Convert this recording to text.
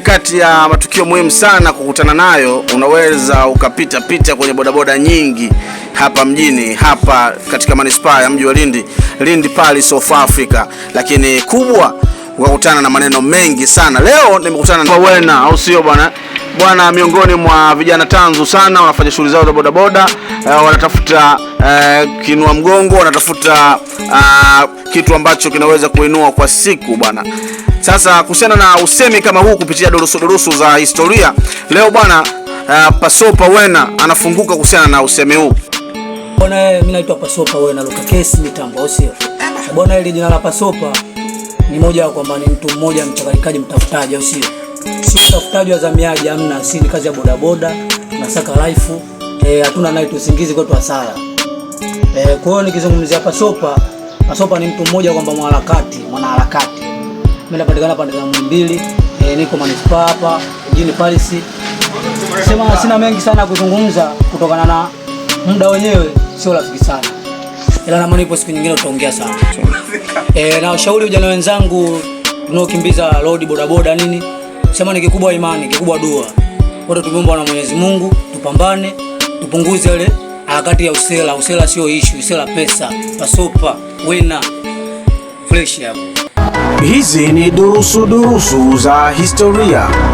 moja kati ya matukio muhimu sana kukutana nayo, unaweza ukapita pita kwenye bodaboda nyingi hapa mjini hapa katika manispaa ya mji wa Lindi, Lindi pale South Africa, lakini kubwa ukakutana na maneno mengi sana. Leo nimekutana na Wena, au sio bwana? bwana, miongoni mwa vijana tanzu sana, wanafanya shughuli zao za bodaboda, uh, wanatafuta uh, eh, kinua mgongo, wanatafuta uh, kitu ambacho kinaweza kuinua kwa siku bwana. Sasa kuhusiana na usemi kama huu kupitia durusu durusu za historia leo bwana, uh, Pasopa Wena anafunguka kuhusiana na usemi huu bwana. Mimi naitwa Pasopa Wena Luka Kesi mitambo, au sio bwana? Ile jina la Pasopa ni moja kwamba ni mtu mmoja mchanganyikaji, mtafutaji, au sio? sisi tafutaji wazamiaji amna, si ni kazi ya bodaboda saka life eh, hatuna night usingizi kwetu hasara eh. Kwa hiyo nikizungumzia hapa sopa Pasopa ni mtu mmoja kwamba mwanaharakati, mwanaharakati mimi napatikana pande za Muhimbili eh, niko manispaa hapa mjini Paris. Sema sina mengi sana kuzungumza kutokana na muda wenyewe sio rafiki sana, ila namana ipo siku nyingine tutaongea sana eh, na ushauri vijana wenzangu tunaokimbiza road boda boda nini ni kikubwa imani, kikubwa dua. Wote tumeomba na Mwenyezi Mungu, tupambane, tupunguze ile harakati ya usela. Usela sio ishu, usela pesa, pasopa, wena, fresh hapo. Hizi ni durusu durusu za historia.